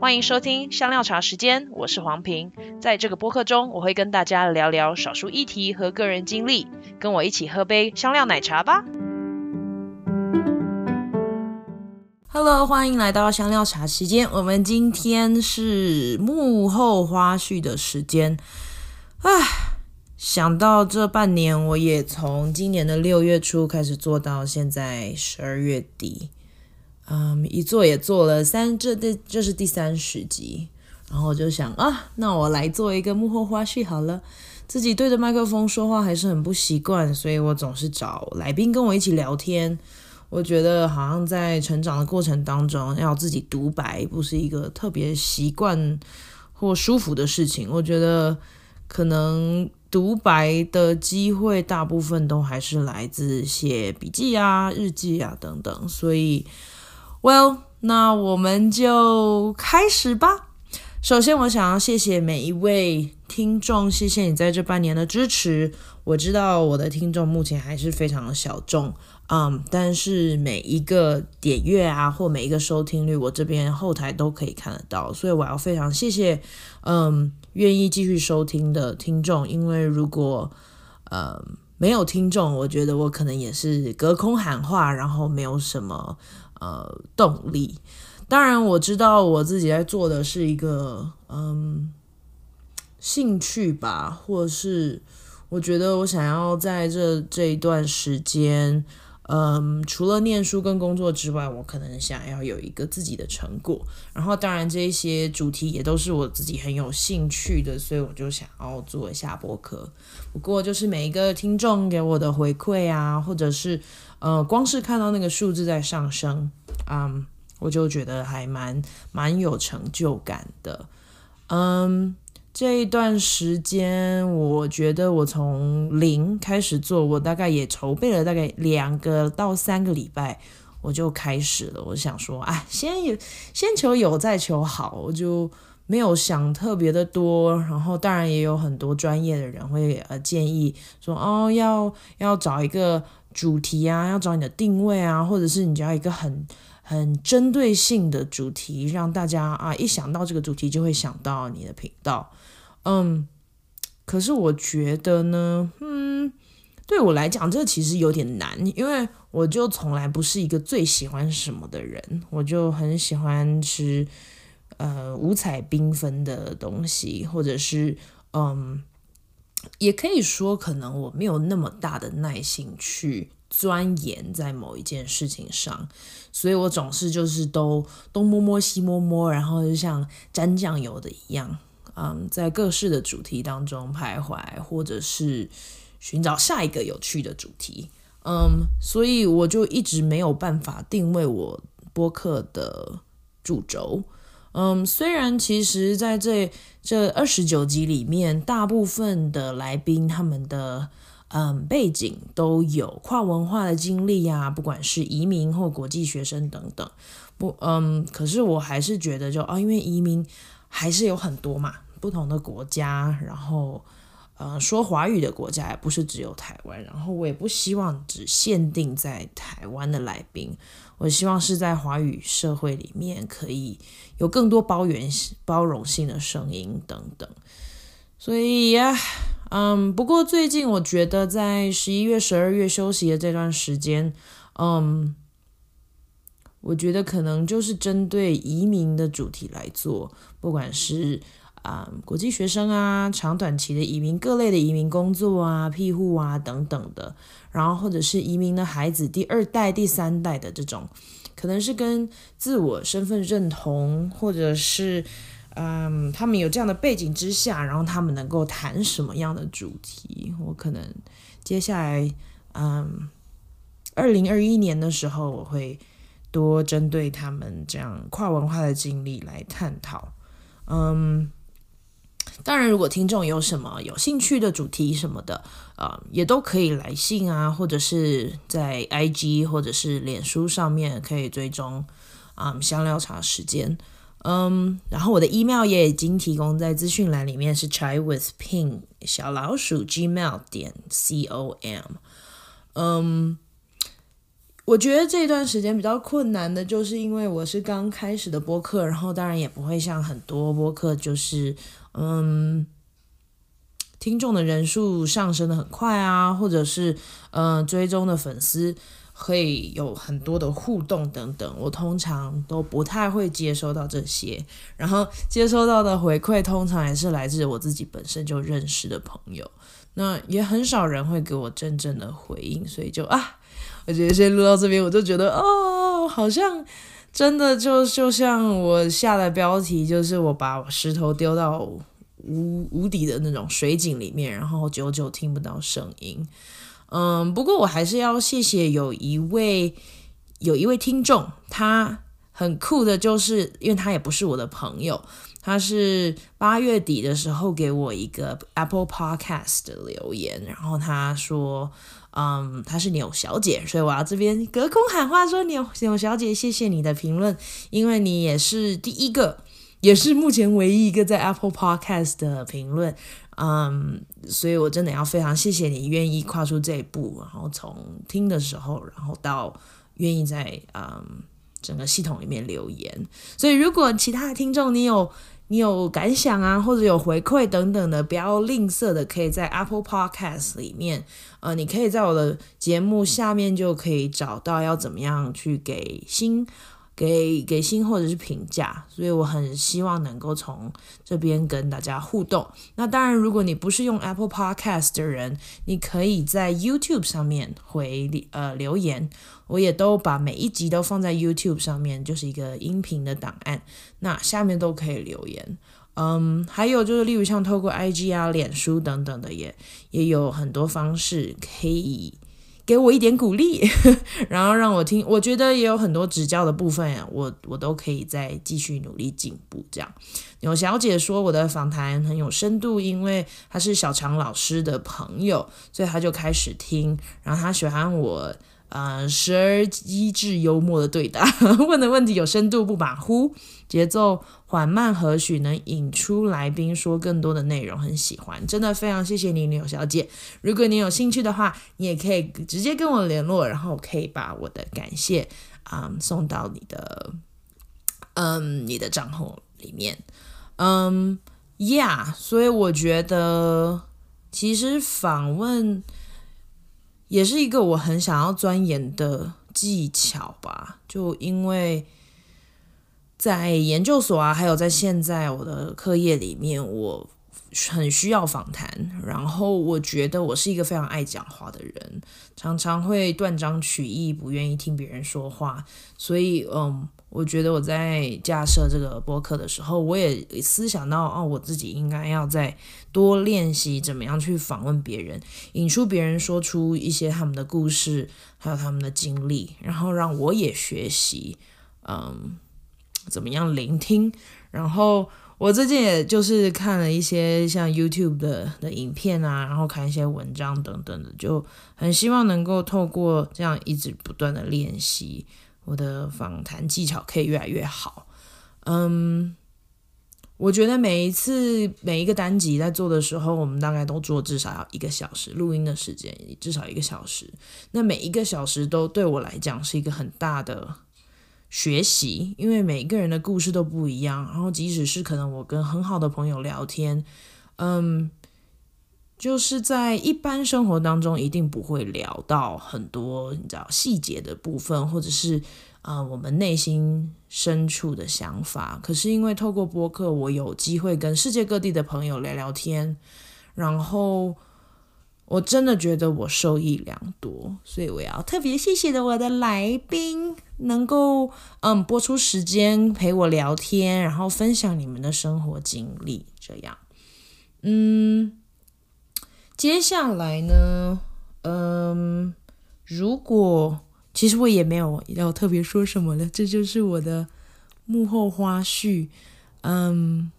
歡迎收聽香料茶時間，我是黃平。在這個播客中，我會跟大家聊聊少數議題和個人經歷。跟我一起喝杯香料奶茶吧。Hello，歡迎來到香料茶時間。我們今天是幕後花絮的時間。唉，想到這半年，我也從今年的六月初開始做到現在十二月底。嗯、um，一做也做了三，這這、這是第三十集，然後我就想啊，那我來做一個幕後花絮好了。自己對着麥克風說話還是很不習慣，所以我總是找來賓跟我一起聊天。我覺得好像在成長的過程當中，要自己獨白不是一個特別習慣或舒服的事情。我覺得可能獨白的機會大部分都還是來自寫筆記啊、日記啊等等，所以。Well，那我們就開始吧。首先，我想要謝謝每一位聽眾，謝謝你在這半年的支持。我知道我的聽眾目前還是非常的小眾，嗯，但是每一個點閱啊，或每一個收聽率，我這邊後台都可以看得到，所以我要非常謝謝，嗯，願意繼續收聽的聽眾。因為如果，嗯，沒有聽眾，我覺得我可能也是隔空喊話，然後沒有什麼。呃，動力。當然，我知道我自己在做的是一個嗯，興趣吧，或者是我覺得我想要在這這一段時間。嗯，除了念書跟工作之外，我可能想要有一個自己的成果。然後，當然，這些主題也都是我自己很有興趣的，所以我就想要做一下播客。不過，就是每一個聽眾給我的回饋啊，或者是呃，光是看到那個數字在上升，嗯，我就覺得還蠻蠻有成就感的。嗯。這一段時間，我覺得我從零開始做，我大概也籌備了大概兩個到三個禮拜，我就開始了。我想說，啊，先有先求有，再求好，我就沒有想特別的多。然後，當然也有很多專業的人會呃建議說，哦，要要找一個主題啊，要找你的定位啊，或者是你只要一個很很針對性的主題，讓大家啊一想到這個主題就會想到你的頻道，嗯，可是我覺得呢，嗯，對我來講這其實有點難，因為我就從來不是一個最喜歡什麼的人，我就很喜歡吃呃五彩繽紛的東西，或者是嗯，也可以說可能我沒有那麼大的耐心去。鑽研在某一件事情上，所以我總是就是都東摸摸西摸摸，然後就像沾醬油的一樣，嗯，在各式的主題當中徘徊，或者是尋找下一個有趣的主題，嗯，所以我就一直沒有辦法定位我播客的主軸，嗯，雖然其實在這這二十九集裡面，大部分的來賓他們的。嗯，背景都有跨文化的經歷呀、啊，不管是移民或國際學生等等。不，嗯，可是我還是覺得就，就啊，因為移民還是有很多嘛，不同的國家。然後，呃，說華語的國家也不是只有台灣。然後，我也不希望只限定在台灣的來賓，我希望是在華語社會裡面可以有更多包容包容性的聲音等等。所以呀。嗯、um，不過最近我覺得在十一月、十二月休息的這段時間，嗯、um，我覺得可能就是針對移民的主題來做，不管是啊、um，國際學生啊、長短期的移民、各類的移民工作啊、庇護啊等等的，然後或者是移民的孩子、第二代、第三代的這種，可能是跟自我身份認同或者是。嗯、um，他們有這樣的背景之下，然後他們能夠談什麼樣的主題？我可能接下來，嗯，二零二一年的時候，我會多針對他們這樣跨文化的經歷來探討。嗯、um，當然，如果聽眾有什麼有興趣的主題什麼的，啊、um，也都可以來信啊，或者是在 IG 或者是臉書上面可以追蹤。嗯、um，香料茶時間。嗯，然後我的 email 也已經提供在資訊欄裡面，是 chai with ping 小老鼠 gmail 點 c o m。嗯，我覺得這段時間比較困難的就是，因為我是剛開始的播客，然後當然也不會像很多播客，就是嗯，聽眾的人數上升的很快啊，或者是嗯，追蹤的粉絲。可以有很多的互動等等，我通常都不太會接收到這些，然後接收到的回饋通常也是來自我自己本身就認識的朋友，那也很少人會給我真正的回應，所以就啊，我覺得先錄到這邊，我就覺得哦，好像真的就就像我下的標題，就是我把石頭丟到無無底的那種水井裡面，然後久久聽不到聲音。嗯，不過我還是要謝謝有一位有一位聽眾，他很酷的，就是因為他也不是我的朋友，他是八月底的時候給我一個 Apple Podcast 的留言，然後他說，嗯，他是鈕小姐，所以我要這邊隔空喊話說，說鈕鈕小姐，謝謝你的評論，因為你也是第一個。也是目前唯一一個在 Apple Podcast 的評論，嗯，所以我真的要非常謝謝你願意跨出這一步，然後從聽的時候，然後到願意在嗯整個系統裡面留言。所以如果其他的聽眾你有你有感想啊，或者有回饋等等的，不要吝嗇的，可以在 Apple Podcast 裡面，呃，你可以在我的節目下面就可以找到要怎麼樣去給新。給給星或者是評價，所以我很希望能夠從這邊跟大家互動。那當然，如果你不是用 Apple Podcast 的人，你可以在 YouTube 上面回呃留言，我也都把每一集都放在 YouTube 上面，就是一個音頻的檔案。那下面都可以留言。嗯，還有就是例如像透過 IG 啊、臉書等等的，也，也也有很多方式可以。給我一點鼓勵，然後讓我聽，我覺得也有很多指教的部分，我我都可以再繼續努力進步。這樣，有小姐說我的訪談很有深度，因為她是小常老師的朋友，所以她就開始聽，然後她喜歡我。呃、嗯，時而機智幽默的對答，問的問題有深度，不馬虎，節奏緩慢，何許能引出來賓說更多的內容？很喜歡，真的非常謝謝你，柳小姐。如果你有興趣的話，你也可以直接跟我聯絡，然後可以把我的感謝啊、嗯、送到你的，嗯，你的賬戶裡面。嗯，Yeah，所以我覺得其實訪問。也是一個我很想要鑽研的技巧吧，就因為在研究所啊，還有在現在我的課業裡面，我很需要訪談。然後我覺得我是一個非常愛講話的人，常常會斷章取義，不願意聽別人說話，所以嗯。我覺得我在架設這個播客的時候，我也思想到，哦，我自己應該要再多練習怎麼樣去訪問別人，引出別人說出一些他們的故事，還有他們的經歷，然後讓我也學習，嗯，怎麼樣聆聽。然後我最近也就是看了一些像 YouTube 的的影片啊，然後看一些文章等等的，就很希望能夠透過這樣一直不斷的練習。我的訪談技巧可以越來越好。嗯、um，我覺得每一次每一個單集在做的時候，我們大概都做至少要一個小時錄音的時間，至少一個小時。那每一個小時都對我來講是一個很大的學習，因為每一個人的故事都不一樣。然後，即使是可能我跟很好的朋友聊天，嗯、um。就是在一般生活當中，一定不會聊到很多你知道細節的部分，或者是啊、嗯，我們內心深處的想法。可是因為透過播客，我有機會跟世界各地的朋友聊聊天，然後我真的覺得我受益良多，所以我要特別謝謝的我的來賓，能夠嗯播出時間陪我聊天，然後分享你們的生活經歷，這樣嗯。接下來呢，嗯，如果，其實我也沒有要特別說什麼了，這就是我的幕後花絮。嗯，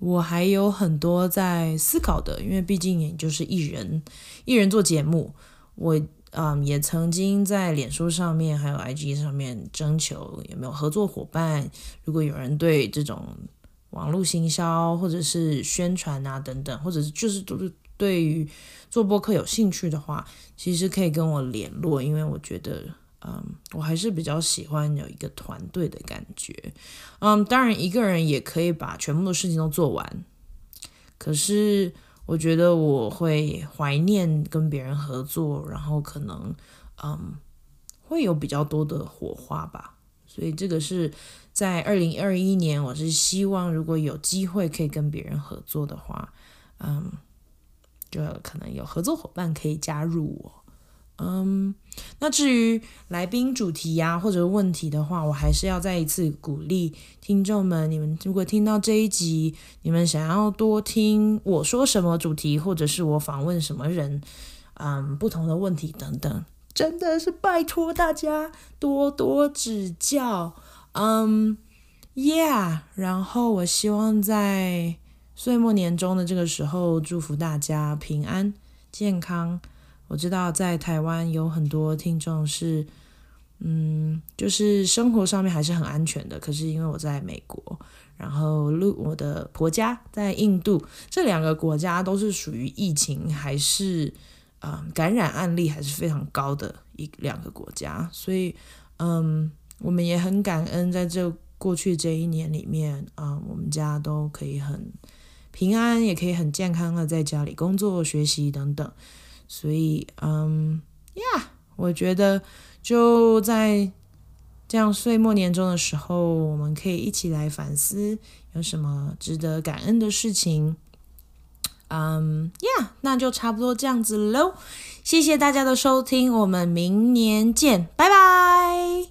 我還有很多在思考的，因為畢竟也就是一人，一人做節目，我嗯也曾經在臉書上面還有 IG 上面徵求有沒有合作夥伴，如果有人對這種，網絡行銷、或者是宣傳啊等等，或者是就是對於做播客有興趣的話，其實可以跟我聯絡，因為我覺得，嗯，我還是比較喜歡有一個團隊的感覺，嗯，當然一個人也可以把全部的事情都做完，可是我覺得我會懷念跟別人合作，然後可能，嗯，會有比較多的火花吧，所以這個是。在二零二一年，我是希望如果有機會可以跟別人合作的話，嗯，就可能有合作夥伴可以加入我。嗯，那至於來賓主題呀、啊、或者問題的話，我還是要再一次鼓勵聽眾們：你們如果聽到這一集，你們想要多聽我說什麼主題，或者是我訪問什麼人，嗯，不同的問題等等，真的是拜托大家多多指教。嗯、um，Yeah，然後我希望在歲末年終的這個時候，祝福大家平安健康。我知道在台灣有很多聽眾是，嗯，就是生活上面還是很安全的。可是因為我在美國，然後我的婆家在印度，這兩個國家都是屬於疫情還是、呃，感染案例還是非常高的一兩個國家，所以嗯。我們也很感恩，在這過去這一年裡面啊，嗯，我們家都可以很平安，也可以很健康的在家裡工作、學習等等。所以，嗯，呀，yeah，我覺得就在這樣歲末年終的時候，我們可以一起來反思有什麼值得感恩的事情。嗯，呀，yeah，那就差不多這樣子嘍。謝謝大家的收聽，我們明年見，拜拜。